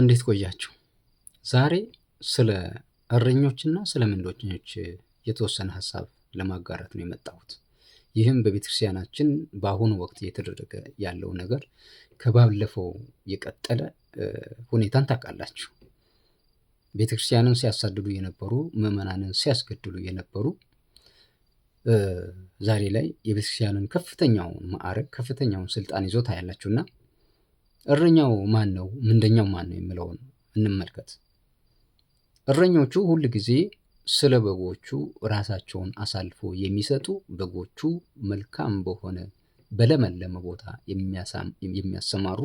እንዴት ቆያችሁ? ዛሬ ስለ እረኞችና ስለ ምንዶኞች የተወሰነ ሀሳብ ለማጋራት ነው የመጣሁት። ይህም በቤተክርስቲያናችን በአሁኑ ወቅት እየተደረገ ያለው ነገር ከባለፈው የቀጠለ ሁኔታን ታውቃላችሁ። ቤተክርስቲያንን ሲያሳድዱ የነበሩ ምዕመናንን ሲያስገድሉ የነበሩ ዛሬ ላይ የቤተክርስቲያንን ከፍተኛውን ማዕረግ ከፍተኛውን ስልጣን ይዞታ ያላችሁና እረኛው ማን ነው፣ ምንደኛው ማን ነው የሚለውን እንመልከት። እረኞቹ ሁል ጊዜ ስለ በጎቹ ራሳቸውን አሳልፎ የሚሰጡ በጎቹ መልካም በሆነ በለመለመ ቦታ የሚያሰማሩ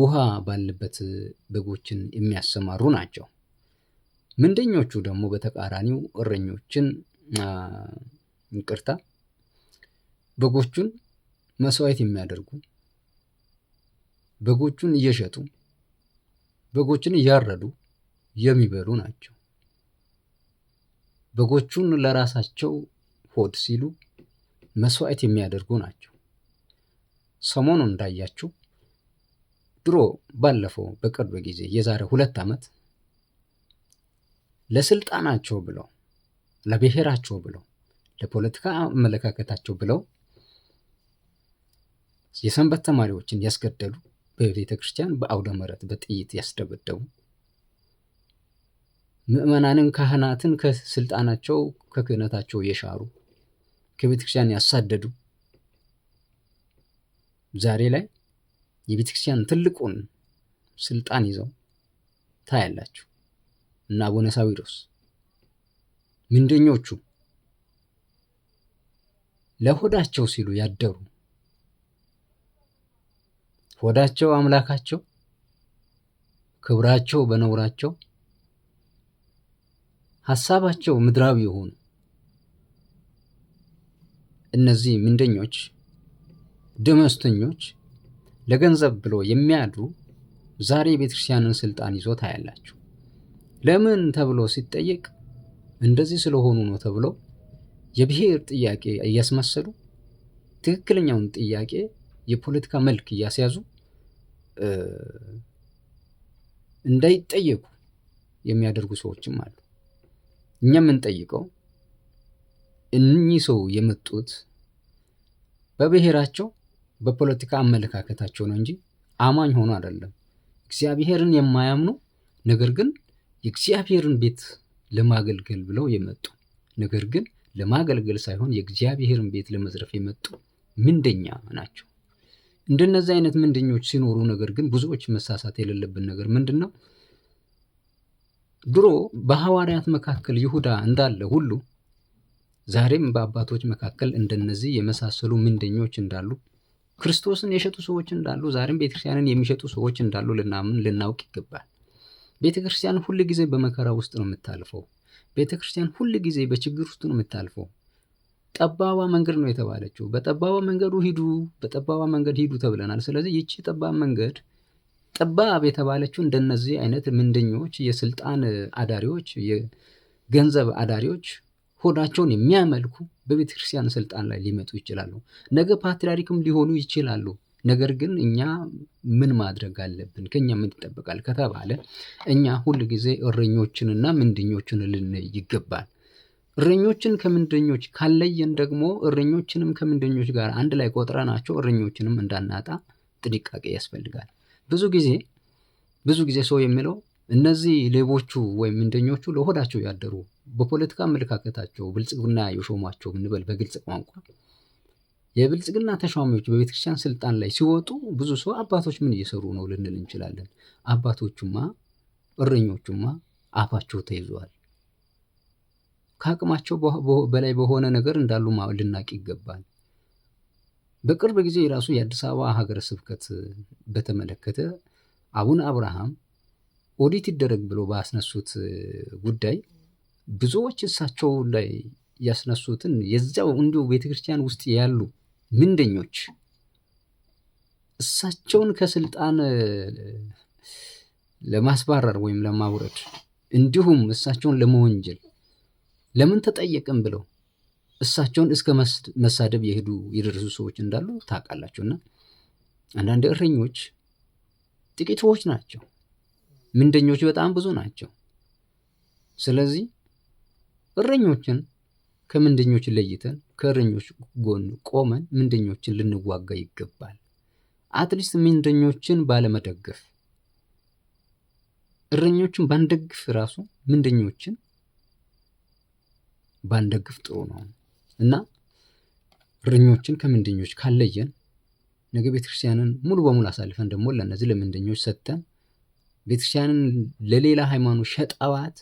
ውሃ ባለበት በጎችን የሚያሰማሩ ናቸው። ምንደኞቹ ደግሞ በተቃራኒው እረኞችን ይቅርታ፣ በጎቹን መስዋዕት የሚያደርጉ በጎቹን እየሸጡ በጎችን እያረዱ የሚበሉ ናቸው። በጎቹን ለራሳቸው ሆድ ሲሉ መስዋዕት የሚያደርጉ ናቸው። ሰሞኑን እንዳያችሁ ድሮ ባለፈው በቅርብ ጊዜ የዛሬ ሁለት ዓመት ለስልጣናቸው ብለው ለብሔራቸው ብለው ለፖለቲካ አመለካከታቸው ብለው የሰንበት ተማሪዎችን ያስገደሉ በቤተ ክርስቲያን በአውደ ምሕረት በጥይት ያስደበደቡ ምዕመናንን፣ ካህናትን ከስልጣናቸው ከክህነታቸው የሻሩ ከቤተ ክርስቲያን ያሳደዱ ዛሬ ላይ የቤተ ክርስቲያን ትልቁን ስልጣን ይዘው ታያላችሁ። እና አቡነ ሳዊሮስ ምንደኞቹ ለሆዳቸው ሲሉ ያደሩ ሆዳቸው አምላካቸው ክብራቸው በነውራቸው ሀሳባቸው ምድራዊ የሆኑ እነዚህ ምንደኞች ደመስተኞች ለገንዘብ ብሎ የሚያድሩ ዛሬ የቤተክርስቲያንን ስልጣን ይዞ ታያላችሁ። ለምን ተብሎ ሲጠየቅ እንደዚህ ስለሆኑ ነው ተብሎ የብሔር ጥያቄ እያስመሰሉ ትክክለኛውን ጥያቄ የፖለቲካ መልክ እያስያዙ እንዳይጠየቁ የሚያደርጉ ሰዎችም አሉ። እኛ የምንጠይቀው እኚህ ሰው የመጡት በብሔራቸው በፖለቲካ አመለካከታቸው ነው እንጂ አማኝ ሆኖ አይደለም። እግዚአብሔርን የማያምኑ ነገር ግን የእግዚአብሔርን ቤት ለማገልገል ብለው የመጡ ነገር ግን ለማገልገል ሳይሆን የእግዚአብሔርን ቤት ለመዝረፍ የመጡ ምንደኛ ናቸው። እንደነዚህ አይነት ምንድኞች ሲኖሩ፣ ነገር ግን ብዙዎች መሳሳት የሌለብን ነገር ምንድን ነው? ድሮ በሐዋርያት መካከል ይሁዳ እንዳለ ሁሉ ዛሬም በአባቶች መካከል እንደነዚህ የመሳሰሉ ምንደኞች እንዳሉ፣ ክርስቶስን የሸጡ ሰዎች እንዳሉ፣ ዛሬም ቤተክርስቲያንን የሚሸጡ ሰዎች እንዳሉ ልናምን ልናውቅ ይገባል። ቤተክርስቲያን ሁል ጊዜ በመከራ ውስጥ ነው የምታልፈው። ቤተክርስቲያን ሁል ጊዜ በችግር ውስጥ ነው የምታልፈው። ጠባቧ መንገድ ነው የተባለችው። በጠባቧ መንገዱ ሂዱ፣ በጠባቧ መንገድ ሂዱ ተብለናል። ስለዚህ ይቺ ጠባብ መንገድ ጠባብ የተባለችው እንደነዚህ አይነት ምንደኞች፣ የስልጣን አዳሪዎች፣ የገንዘብ አዳሪዎች ሆዳቸውን የሚያመልኩ በቤተክርስቲያን ስልጣን ላይ ሊመጡ ይችላሉ። ነገ ፓትርያርክም ሊሆኑ ይችላሉ። ነገር ግን እኛ ምን ማድረግ አለብን? ከኛ ምን ይጠበቃል ከተባለ እኛ ሁል ጊዜ እረኞችንና ምንደኞችን ልንይ ይገባል። እረኞችን ከምንደኞች ካለየን ደግሞ እረኞችንም ከምንደኞች ጋር አንድ ላይ ቆጥረናቸው እረኞችንም እንዳናጣ ጥንቃቄ ያስፈልጋል። ብዙ ጊዜ ብዙ ጊዜ ሰው የሚለው እነዚህ ሌቦቹ ወይም ምንደኞቹ ለሆዳቸው ያደሩ በፖለቲካ አመለካከታቸው ብልጽግና የሾሟቸው ብንበል በግልጽ ቋንቋ የብልጽግና ተሿሚዎች በቤተክርስቲያን ስልጣን ላይ ሲወጡ ብዙ ሰው አባቶች ምን እየሰሩ ነው ልንል እንችላለን። አባቶቹማ እረኞቹማ አፋቸው ተይዘዋል። ከአቅማቸው በላይ በሆነ ነገር እንዳሉ ልናቅ ይገባል። በቅርብ ጊዜ የራሱ የአዲስ አበባ ሀገረ ስብከት በተመለከተ አቡነ አብርሃም ኦዲት ይደረግ ብሎ ባስነሱት ጉዳይ ብዙዎች እሳቸው ላይ ያስነሱትን የዚያው እንዲሁ ቤተክርስቲያን ውስጥ ያሉ ምንደኞች እሳቸውን ከስልጣን ለማስባረር ወይም ለማውረድ እንዲሁም እሳቸውን ለመወንጀል ለምን ተጠየቅም ብለው እሳቸውን እስከ መሳደብ የሄዱ የደረሱ ሰዎች እንዳሉ ታውቃላችሁና አንዳንድ እረኞች ጥቂቶች ናቸው፣ ምንደኞች በጣም ብዙ ናቸው። ስለዚህ እረኞችን ከምንደኞች ለይተን ከእረኞች ጎን ቆመን ምንደኞችን ልንዋጋ ይገባል። አትሊስት ምንደኞችን ባለመደገፍ እረኞችን ባንደግፍ ራሱ ምንደኞችን ባንደግፍ ጥሩ ነው እና እረኞችን ከምንደኞች ካለየን ነገ ቤተክርስቲያንን ሙሉ በሙሉ አሳልፈን ደግሞ ለእነዚህ ለምንደኞች ሰጥተን ቤተክርስቲያንን ለሌላ ሃይማኖት ሸጣባት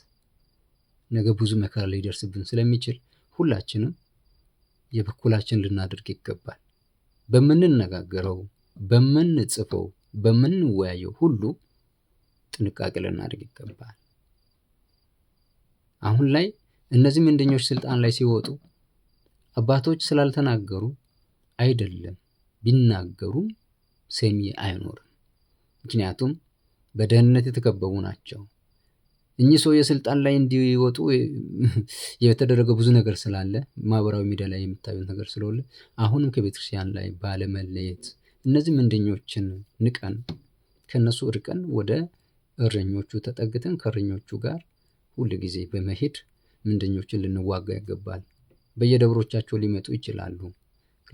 ነገ ብዙ መከራ ሊደርስብን ስለሚችል ሁላችንም የበኩላችን ልናደርግ ይገባል። በምንነጋገረው፣ በምንጽፈው፣ በምንወያየው ሁሉ ጥንቃቄ ልናደርግ ይገባል። አሁን ላይ እነዚህ ምንደኞች ስልጣን ላይ ሲወጡ አባቶች ስላልተናገሩ አይደለም፣ ቢናገሩም ሰሚ አይኖርም። ምክንያቱም በደህንነት የተከበቡ ናቸው። እኚህ ሰው የስልጣን ላይ እንዲወጡ የተደረገ ብዙ ነገር ስላለ ማህበራዊ ሚዲያ ላይ የምታዩት ነገር ስለሆነ አሁንም ከቤተክርስቲያን ላይ ባለመለየት እነዚህ ምንደኞችን ንቀን ከእነሱ እርቀን ወደ እረኞቹ ተጠግተን ከእረኞቹ ጋር ሁል ጊዜ በመሄድ ምንደኞችን ልንዋጋ ይገባል። በየደብሮቻቸው ሊመጡ ይችላሉ።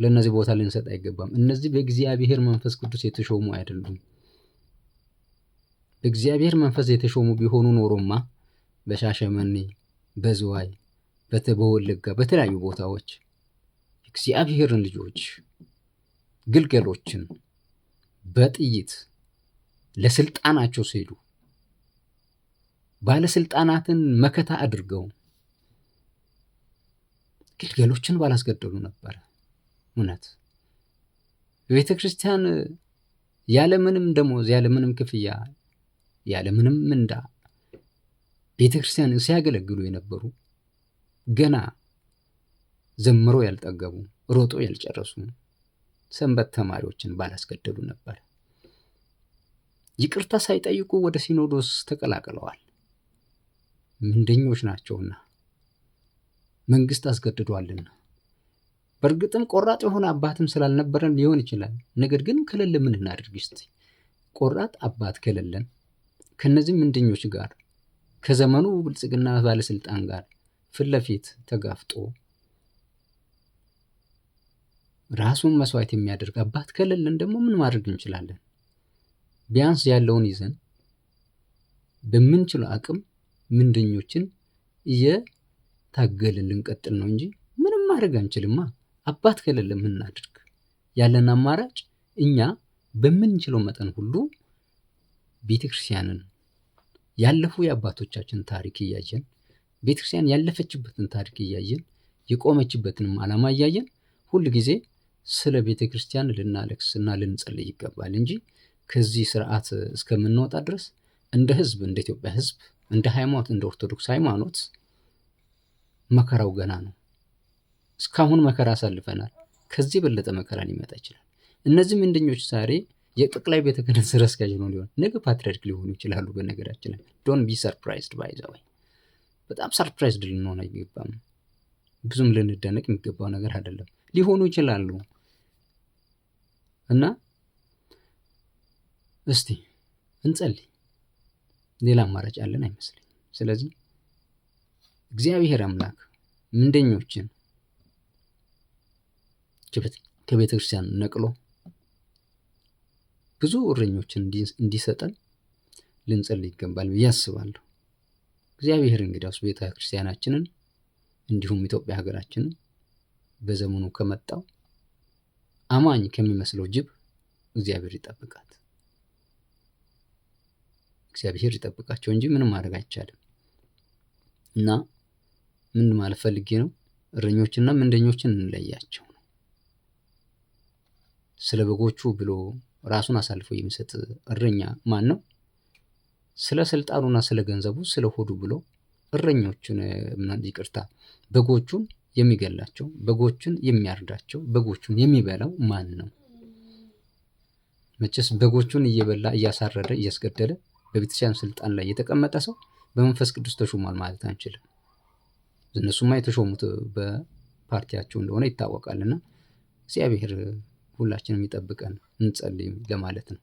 ለእነዚህ ቦታ ልንሰጥ አይገባም። እነዚህ በእግዚአብሔር መንፈስ ቅዱስ የተሾሙ አይደሉም። በእግዚአብሔር መንፈስ የተሾሙ ቢሆኑ ኖሮማ በሻሸመኔ፣ በዝዋይ፣ በወለጋ በተለያዩ ቦታዎች እግዚአብሔርን ልጆች ግልገሎችን በጥይት ለስልጣናቸው ሲሄዱ ባለስልጣናትን መከታ አድርገው ግልገሎችን ባላስገደሉ ነበር። እውነት በቤተ ክርስቲያን ያለምንም ደሞዝ ያለምንም ክፍያ ያለምንም ምንዳ ቤተ ክርስቲያን ሲያገለግሉ የነበሩ ገና ዘምሮ ያልጠገቡ ሮጦ ያልጨረሱ ሰንበት ተማሪዎችን ባላስገደሉ ነበር። ይቅርታ ሳይጠይቁ ወደ ሲኖዶስ ተቀላቅለዋል። ምንደኞች ናቸውና መንግስት አስገድዷልና። በእርግጥም ቆራጥ የሆነ አባትም ስላልነበረን ሊሆን ይችላል። ነገር ግን ከሌለ ምን እናድርግ እስቲ? ቆራጥ አባት ከሌለን ከነዚህ ምንድኞች ጋር ከዘመኑ ብልጽግና ባለስልጣን ጋር ፊት ለፊት ተጋፍጦ ራሱን መስዋዕት የሚያደርግ አባት ከሌለን ደግሞ ምን ማድረግ እንችላለን? ቢያንስ ያለውን ይዘን በምንችለው አቅም ምንድኞችን እየ ታገልን ልንቀጥል ነው እንጂ ምንም ማድረግ አንችልማ። አባት ከሌለ ምን እናድርግ? ያለን አማራጭ እኛ በምንችለው መጠን ሁሉ ቤተክርስቲያንን ያለፉ የአባቶቻችን ታሪክ እያየን ቤተክርስቲያን ያለፈችበትን ታሪክ እያየን የቆመችበትንም ዓላማ እያየን ሁል ጊዜ ስለ ቤተክርስቲያን ልናለቅስና ልንጸልይ ይገባል እንጂ ከዚህ ስርዓት እስከምንወጣ ድረስ እንደ ህዝብ እንደ ኢትዮጵያ ህዝብ እንደ ሃይማኖት እንደ ኦርቶዶክስ ሃይማኖት መከራው ገና ነው። እስካሁን መከራ አሳልፈናል። ከዚህ የበለጠ መከራ ሊመጣ ይችላል። እነዚህ ምንደኞች ዛሬ የጠቅላይ ቤተ ክህነት ስራ አስኪያጅ ነው ሊሆን፣ ነገ ፓትሪያርክ ሊሆኑ ይችላሉ። በነገራችን ላይ ዶን ቢ ሰርፕራይዝድ ባይዘወይ በጣም ሰርፕራይዝድ ልንሆን አይገባም። ብዙም ልንደነቅ የሚገባው ነገር አይደለም። ሊሆኑ ይችላሉ እና እስቲ እንጸልይ። ሌላ አማራጭ አለን አይመስለኝም። ስለዚህ እግዚአብሔር አምላክ ምንደኞችን ከቤተ ክርስቲያን ነቅሎ ብዙ እረኞችን እንዲሰጠን ልንጸልይ ይገባል ብዬ አስባለሁ። እግዚአብሔር እንግዲያውስ ቤተ ክርስቲያናችንን እንዲሁም ኢትዮጵያ ሀገራችንን በዘመኑ ከመጣው አማኝ ከሚመስለው ጅብ እግዚአብሔር ይጠብቃት። እግዚአብሔር ይጠብቃቸው እንጂ ምንም ማድረግ አይቻልም እና ምን ማለት ፈልጌ ነው? እረኞችና ምንደኞችን እንለያቸው ነው። ስለ በጎቹ ብሎ ራሱን አሳልፎ የሚሰጥ እረኛ ማን ነው? ስለ ስልጣኑና ስለ ገንዘቡ ስለ ሆዱ ብሎ እረኞቹን ይቅርታ፣ በጎቹን የሚገላቸው በጎቹን የሚያርዳቸው በጎቹን የሚበላው ማን ነው? መቼስ በጎቹን እየበላ እያሳረደ እያስገደለ በቤተክርስቲያን ስልጣን ላይ የተቀመጠ ሰው በመንፈስ ቅዱስ ተሹሟል ማለት አንችልም። እነሱማ የተሾሙት በፓርቲያቸው እንደሆነ ይታወቃልና እግዚአብሔር ሁላችንም ይጠብቀን እንጸልይም ለማለት ነው።